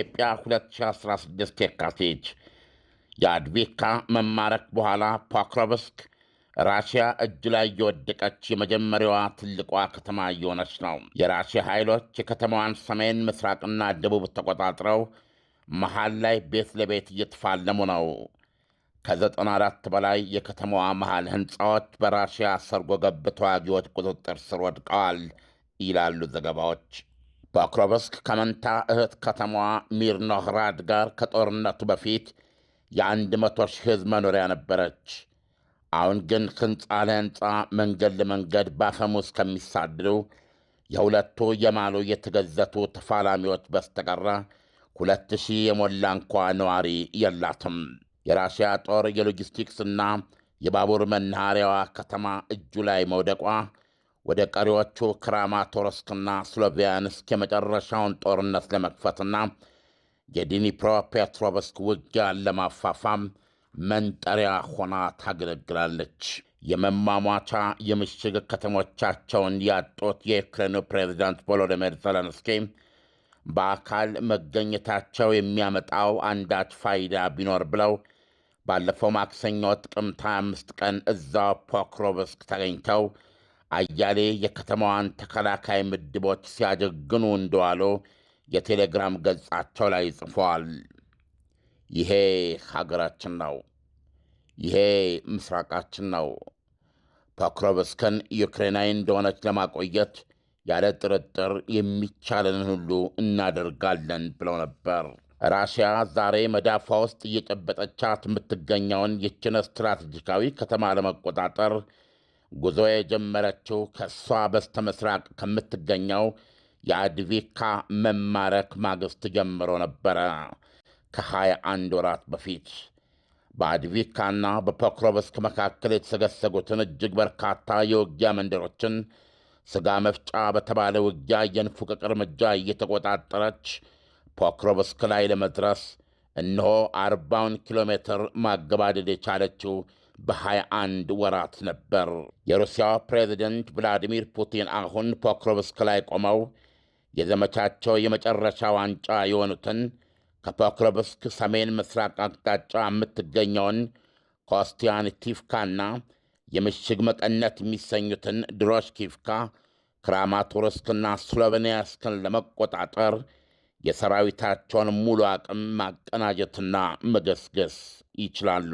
ኢትዮጵያ 2016 የካቲት የአድቤካ መማረክ በኋላ ፖክሮቭስክ ራሽያ እጅ ላይ የወደቀች የመጀመሪያዋ ትልቋ ከተማ እየሆነች ነው። የራሽያ ኃይሎች የከተማዋን ሰሜን ምስራቅና ደቡብ ተቆጣጥረው መሃል ላይ ቤት ለቤት እየተፋለሙ ነው። ከ94 በላይ የከተማዋ መሃል ሕንፃዎች በራሽያ ሰርጎ ገብ ተዋጊዎች ቁጥጥር ስር ወድቀዋል ይላሉ ዘገባዎች። በኦክሮብስክ ከመንታ እህት ከተማዋ ሚርኖህራድ ጋር ከጦርነቱ በፊት የአንድ መቶ ሺህ ሕዝብ መኖሪያ ነበረች። አሁን ግን ሕንፃ ለሕንፃ መንገድ ለመንገድ ባፈሙስ ከሚሳድዱ የሁለቱ የማሉ የተገዘቱ ተፋላሚዎች በስተቀረ ሁለት ሺህ የሞላ እንኳ ነዋሪ የላትም። የራሽያ ጦር የሎጂስቲክስና የባቡር መናኸሪያዋ ከተማ እጁ ላይ መውደቋ ወደ ቀሪዎቹ ክራማቶርስክና ስሎቪያንስክ የመጨረሻውን ጦርነት ለመክፈትና የዲኒፕሮ ፔትሮቭስክ ውጊያን ለማፋፋም መንጠሪያ ሆና ታገለግላለች። የመማሟቻ የምሽግ ከተሞቻቸውን ያጡት የዩክሬኑ ፕሬዚዳንት ቮሎዲሚር ዘለንስኪ በአካል መገኘታቸው የሚያመጣው አንዳች ፋይዳ ቢኖር ብለው ባለፈው ማክሰኞ ጥቅምት 25 ቀን እዛው ፖክሮቭስክ ተገኝተው አያሌ የከተማዋን ተከላካይ ምድቦች ሲያጀግኑ እንደዋሉ የቴሌግራም ገጻቸው ላይ ጽፏል። ይሄ ሀገራችን ነው። ይሄ ምስራቃችን ነው። ፖክሮቭስክን ዩክሬናዊ እንደሆነች ለማቆየት ያለ ጥርጥር የሚቻለንን ሁሉ እናደርጋለን ብለው ነበር። ራሽያ ዛሬ መዳፏ ውስጥ እየጨበጠቻት የምትገኘውን ይችን ስትራቴጂካዊ ከተማ ለመቆጣጠር ጉዞ የጀመረችው ከእሷ በስተምስራቅ ከምትገኘው የአድቪካ መማረክ ማግስት ጀምሮ ነበረ። ከ ከ21 ወራት በፊት በአድቪካና በፖክሮቭስክ መካከል የተሰገሰጉትን እጅግ በርካታ የውጊያ መንደሮችን ሥጋ መፍጫ በተባለ ውጊያ የንፉቅቅ እርምጃ እየተቆጣጠረች ፖክሮቭስክ ላይ ለመድረስ እነሆ አርባውን ኪሎ ሜትር ማገባደድ የቻለችው በ21 ወራት ነበር። የሩሲያ ፕሬዚደንት ቭላዲሚር ፑቲን አሁን ፖክሮቭስክ ላይ ቆመው የዘመቻቸው የመጨረሻ ዋንጫ የሆኑትን ከፖክሮቭስክ ሰሜን ምስራቅ አቅጣጫ የምትገኘውን ኮስቲያንቲፍካና የምሽግ መቀነት የሚሰኙትን ድሮሽኪቭካ ክራማቶርስክና ስሎቬንያስክን ለመቆጣጠር የሰራዊታቸውን ሙሉ አቅም ማቀናጀትና መገስገስ ይችላሉ።